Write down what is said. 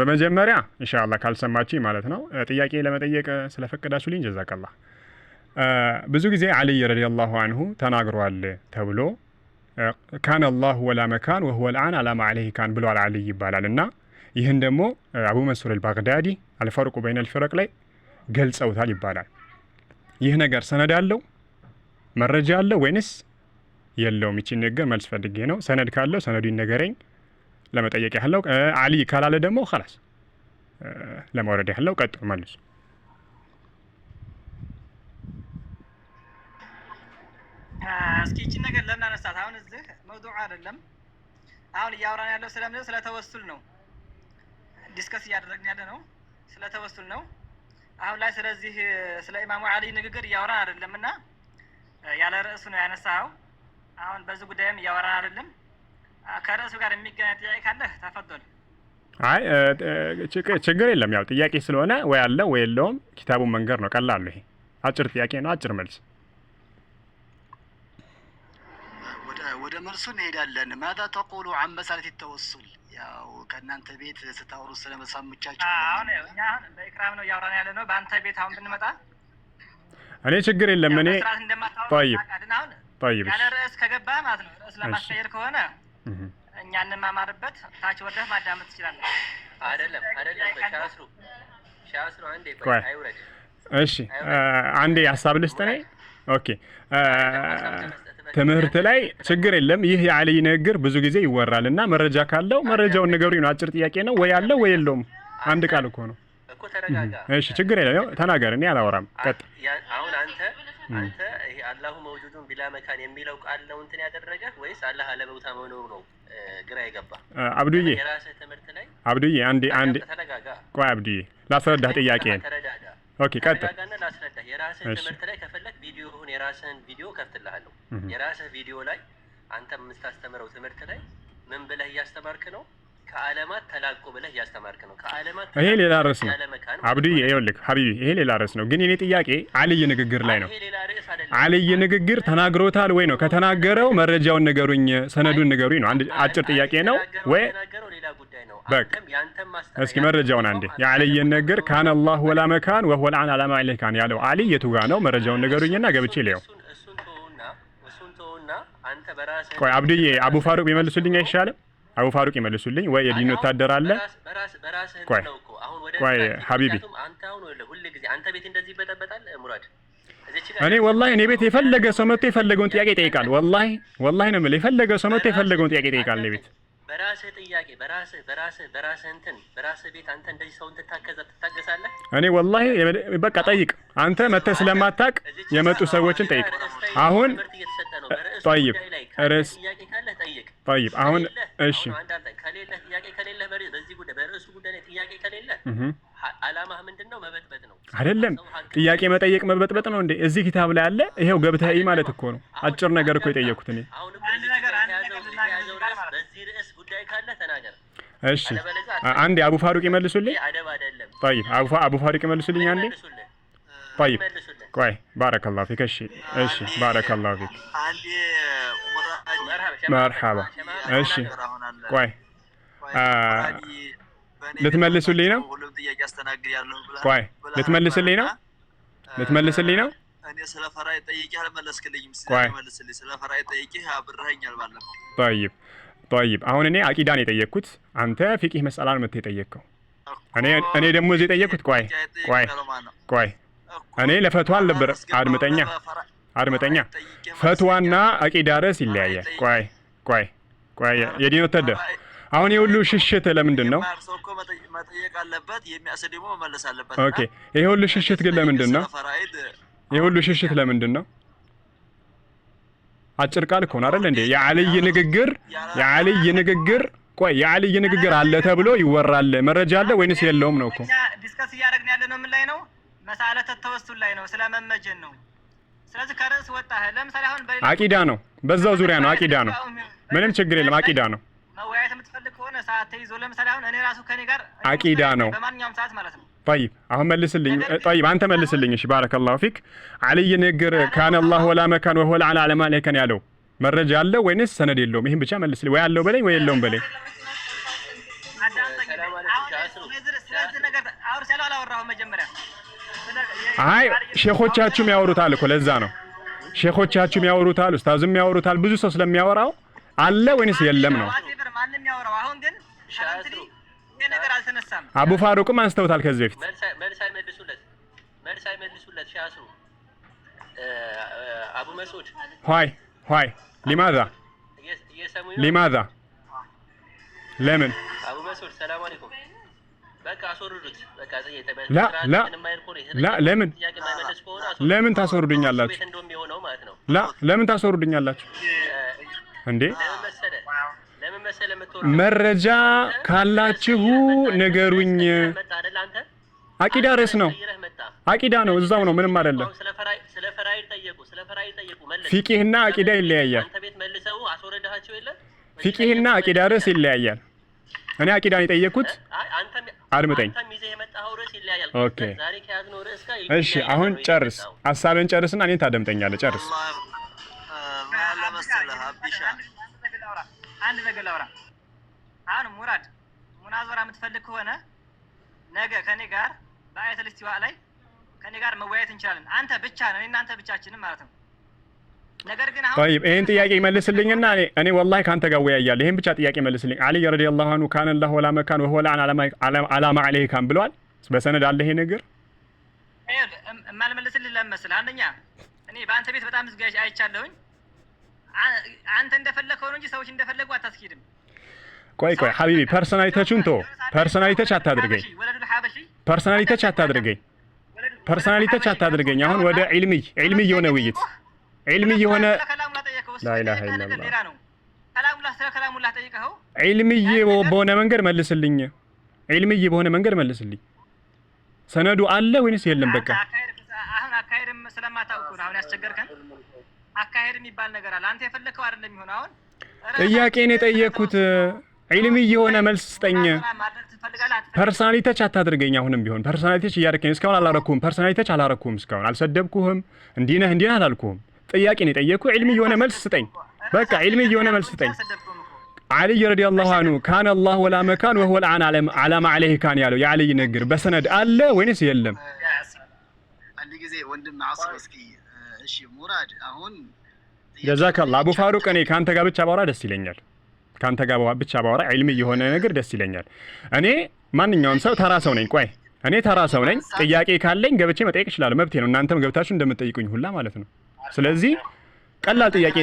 በመጀመሪያ ኢንሻአላህ ካልሰማችኝ ማለት ነው ጥያቄ ለመጠየቅ ስለፈቀዳችሁ ልኝ ጀዛቀላ። ብዙ ጊዜ አልይ ረዲየላሁ አንሁ ተናግሯል ተብሎ ካነ አላሁ ወላ መካን ወሁወ ልአን አላማ አለህ ካን ብሏል አልይ ይባላል እና ይህን ደግሞ አቡ መንሱር አልባግዳዲ አልፈርቁ በይን ፊረቅ ላይ ገልጸውታል ይባላል። ይህ ነገር ሰነድ አለው መረጃ አለው ወይንስ የለውም? ይቺ ነገር መልስ ፈልጌ ነው። ሰነድ ካለው ሰነዱ ይነገረኝ። ለመጠየቅ ያህለው አሊ ካላለ ደግሞ ላስ ለመውረድ ያህለው ቀጥሎ መልሱ። እስኪ ነገር ለምን አነሳት? አሁን እዚህ መውዱ አይደለም። አሁን እያወራን ያለው ስለምን ስለ ተወሱል ነው። ዲስከስ እያደረግን ያለ ነው ስለ ተወሱል ነው። አሁን ላይ ስለዚህ ስለ ኢማሙ አሊ ንግግር እያወራን አይደለም እና ያለ ርዕሱ ነው ያነሳኸው። አሁን በዚህ ጉዳይም እያወራን አይደለም። ከርዕሱ ጋር የሚገናኝ ጥያቄ ካለህ ተፈዶል። አይ ችግር የለም ያው ጥያቄ ስለሆነ ወይ አለ ወይ የለውም። ኪታቡን መንገድ ነው ቀላሉ። ይሄ አጭር ጥያቄ ነው፣ አጭር መልስ። ወደ መልሱ እንሄዳለን። ማዛ ተቁሉ አን መሳለት ተወሱል። ያው ከእናንተ ቤት ስታወሩ ስለመሳምቻቸው አሁን እኛ በኢክራም ነው እያወራን ያለ ነው። በአንተ ቤት አሁን ብንመጣ እኔ ችግር የለም እኔ ጠይብ ያለ ርዕስ ከገባ ማለት ነው ርዕስ ለማስቀየር ከሆነ እኛ እንማማርበት። ታች ወደ ማዳመጥ ትችላለህ። አይደለም አይደለም፣ ሻስሩ ሻስሩ፣ አንዴ አይውረድ። እሺ አንዴ ሀሳብ ልስጥ ነኝ። ኦኬ ትምህርት ላይ ችግር የለም። ይህ የአልይ ንግግር ብዙ ጊዜ ይወራል እና መረጃ ካለው መረጃውን ንገሩኝ ነው። አጭር ጥያቄ ነው። ወይ አለው ወይ የለውም። አንድ ቃል እኮ ነው። እሺ ችግር የለም። ተናገር፣ እኔ አላወራም። ቀጥ አሁን አንተ አንተ አላሁ መውጁዱን ቢላ መካን የሚለው ቃል ነው እንትን ያደረገ ወይስ አላህ አለመውታ መኖሩ ነው ግራ የገባ። አብዱዬ የራስህ ትምህርት ላይ አብዱዬ፣ አንዴ አንዴ ተረጋጋ። ቆይ አብዱዬ ላስረዳህ ጥያቄን። ኦኬ ቀጥል። ላስረዳህ የራስህ ትምህርት ላይ ከፈለግ ቪዲዮህን የራስህን ቪዲዮ ከፍትልሃለሁ። የራስህ ቪዲዮ ላይ አንተ የምታስተምረው ትምህርት ላይ ምን ብለህ እያስተማርክ ነው? ከዓለማት ተላቆ ብለህ እያስተማርክ ነው። ከዓለማት ይሄ ሌላ ርዕስ ነው አብዲ ይኸውልህ ሀቢቢ፣ ይሄ ሌላ ርዕስ ነው። ግን የኔ ጥያቄ አልይ ንግግር ላይ ነው። አልይ ንግግር ተናግሮታል ወይ ነው? ከተናገረው መረጃውን ንገሩኝ፣ ሰነዱን ንገሩኝ ነው። አንድ አጭር ጥያቄ ነው ወይ? በቃ እስኪ መረጃውን አንዴ። የአልይን ነገር ካን አላህ ወላ መካን ወሁወል አን አላማ ለ ካን ያለው አልይ የቱ ጋ ነው? መረጃውን ንገሩኝና ገብቼ ልየው። ቆይ አብዱዬ፣ አቡ ፋሩቅ ቢመልሱልኝ አይሻልም? አቡ ፋሩቅ ይመልሱልኝ። ወይ የዲን ወታደር አለ። ቆይ ሀቢቢ እኔ ወላሂ እኔ ቤት የፈለገ ሰው መጥቶ የፈለገውን ጥያቄ ይጠይቃል። ወላሂ ወላሂ ነው የምልህ። የፈለገ ሰው መጥቶ የፈለገውን ጥያቄ ይጠይቃል። እኔ ቤት በራስህ ጥያቄ በራስህ በራስህ በራስህ እንትን በራስህ ቤት አንተ እንደዚህ ትታገሳለህ? እኔ ወላሂ በቃ ጠይቅ። አንተ መተህ ስለማታቅ የመጡ ሰዎችን ጠይቅ። አሁን ጠይቅ ርዕስ ጥያቄ ካለህ ጠይቅ ጠይብ አሁን እሺ ከሌለ ጥያቄ ከሌለ በዚህ ጉዳይ በርዕሱ ጉዳይ ላይ ጥያቄ ከሌለ አላማህ ምንድን ነው? መበጥበጥ ነው አይደለም? ጥያቄ መጠየቅ መበጥበጥ ነው እንዴ? እዚህ ኪታብ ላይ አለ። ይሄው ገብተህ ማለት እኮ ነው። አጭር ነገር እኮ የጠየኩት እኔ። በዚህ ርዕስ ጉዳይ ካለ ተናገር። እሺ አንዴ አቡ ፋሩቅ ይመልሱልኝ። ጠይብ አቡ ፋሩቅ ይመልሱልኝ አንዴ طيب كويس بارك الله فيك ايش ايش بارك الله فيك عندي مرحبا ايش كويس آه. لتملسوا لينا كويس لتملس لينا لتملس لينا እኔ ስለ ፈራ ጠይቄ አልመለስክልኝም። መልስልኝ። ስለ ፈራ ጠይቄ አብረኸኛል ባለፈው። ጠይብ ጠይብ። አሁን እኔ አቂዳን የጠየቅኩት አንተ ፊቂህ መሰላል መት የጠየቅከው እኔ ደግሞ እዚህ የጠየቅኩት ቆይ ቆይ ቆይ እኔ ለፈቷ አልነበረ። አድምጠኛ አድምጠኛ፣ ፈትዋና አቂዳ ርዕስ ይለያያል። ቆይ ቆይ ቆይ፣ የዲኖ ተደ አሁን የሁሉ ሽሽት ለምንድን ነው? ኦኬ፣ የሁሉ ሽሽት ግን ለምንድን ነው? የሁሉ ሽሽት ለምንድን ነው? አጭር ቃል ከሆነ አይደል እንዴ? የአልይ ንግግር የአልይ ንግግር ቆይ የአልይ ንግግር አለ ተብሎ ይወራል። መረጃ አለ ወይንስ የለውም ነው እኮ ዲስከስ እያደረግን ያለ ነው። ምን ላይ ነው መሳለተ ተወሱል ላይ ነው፣ ስለ መመጀን ነው። ስለዚህ ከርዕስ ወጣህ። ለምሳሌ አሁን አቂዳ ነው፣ በዛው ዙሪያ ነው። አቂዳ ነው፣ ምንም ችግር የለም። አቂዳ ነው መወያየት የምትፈልግ ከሆነ ሰዓት ተይዞ፣ ለምሳሌ አሁን እኔ ራሱ ከኔ ጋር አቂዳ ነው፣ በማንኛውም ሰዓት ማለት ነው። ጠይብ አሁን መልስልኝ። ጠይብ አንተ መልስልኝ። እሺ ባረከላሁ ፊክ። አልይ ንግር ካነ አላህ ወላ መካን ወሆል አላ አለማለከን ያለው መረጃ አለው ወይንስ ሰነድ የለውም? ይህም ብቻ መልስልኝ። ወይ አለው በለኝ ወይ የለውም በለኝ። ስለዚህ ነገር አውርቻለሁ አላወራሁም መጀመሪያ አይ ሼኾቻችሁ ያወሩታል እኮ ለዛ ነው ሼኾቻችሁም ያወሩታል፣ ኡስታዝም ያወሩታል። ብዙ ሰው ስለሚያወራው አለ ወይንስ የለም ነው። አቡ ፋሩቅም አንስተውታል ከዚህ በፊት ሆይ ሆይ ሊማዛ ሊማዛ ለምን ለምን ለምን ታስወርዱኛላችሁ? ለምን ታስወርዱኛላችሁ እንዴ? መረጃ ካላችሁ ንገሩኝ። አቂዳ ርዕስ ነው። አቂዳ ነው። እዛው ነው። ምንም አይደለም። ፊቂህና አቂዳ ይለያያል። ፊቂህና አቂዳ ርዕስ ይለያያል። እኔ አቂዳን የጠየኩት አድምጠኝ። ኦኬ እሺ፣ አሁን ጨርስ፣ ሀሳብህን ጨርስና እኔን ታደምጠኛለህ። ጨርስ። አንድ ነገር ላውራ። አሁን ሙራድ ሙናዞራ የምትፈልግ ከሆነ ነገ ከኔ ጋር በአያተል ላይ ከኔ ጋር መወያየት እንችላለን። አንተ ብቻ ነው እናንተ ብቻችንም ማለት ነው ጠይብ ይህን ጥያቄ መልስልኝና እኔ ወላሂ ከአንተ ጋር ወያያለሁ። ይህን ብቻ ጥያቄ መልስልኝ። አልይ ረዲየላሁ አንሁ ካነ ላሁ ወላ መካን ወሆ ለአን አላማ አለህ ካን ብለዋል። በሰነድ አለ ይሄ ነገር የማልመልስልህ ለመስል አንደኛ እኔ በአንተ ቤት በጣም ዝጋ አይቻለሁኝ። አንተ እንደፈለግ ሆኖ እንጂ ሰዎች እንደፈለጉ አታስኪድም። ቆይ ቆይ ሀቢቢ ፐርሶናሊተችን ቶ ፐርሶናሊተች አታድርገኝ፣ ፐርሶናሊተች አታድርገኝ፣ ፐርሶናሊተች አታድርገኝ። አሁን ወደ ዒልሚይ ዒልሚይ የሆነ ውይይት ዒልሚ የሆነ ዒልምዬ በሆነ መንገድ መልስልኝ። ዒልምዬ በሆነ መንገድ መልስልኝ። ሰነዱ አለ ወይንስ የለም? በቃ አሁን አካሄድም ስለማታውቁ ነው አሁን ያስቸገርከን። አካሄድ የሚባል ነገር አለ። አንተ የፈለከው አይደለም የሚሆነው። አሁን ጥያቄን የጠየቅኩት ዒልሚ የሆነ መልስ ስጠኝ። ፐርሶናሊተች አታድርገኝ። አሁንም ቢሆን ፐርሶናሊተች እያደረከኝ እስካሁን አላረኩም። ፐርሶናሊተች አላረኩም። እስካሁን አልሰደብኩህም። እንዲህ ነህ እንዲህ ነህ አላልኩህም። ጥያቄ ነው የጠየኩ። ዕልሚ የሆነ መልስ ስጠኝ። በቃ ዕልሚ የሆነ መልስ ስጠኝ። ዓልይ ረዲየላሁ አንሁ ካነ አላህ ወላ መካን ወሁወል አን ዓላማ ዓለይህ ካን ያለው የዓልይ ንግግር በሰነድ አለ ወይንስ የለም? ጀዛከላ አቡ ፋሩቅ፣ እኔ ከአንተ ጋር ብቻ ባወራ ደስ ይለኛል። ከአንተ ጋር ብቻ ባወራ ዕልሚ የሆነ ነገር ደስ ይለኛል። እኔ ማንኛውም ሰው ተራ ሰው ነኝ። ቆይ እኔ ተራ ሰው ነኝ። ጥያቄ ካለኝ ገብቼ መጠየቅ እችላለሁ፣ መብቴ ነው። እናንተም ገብታችሁ እንደምትጠይቁኝ ሁላ ማለት ነው። ስለዚህ ቀላል ጥያቄ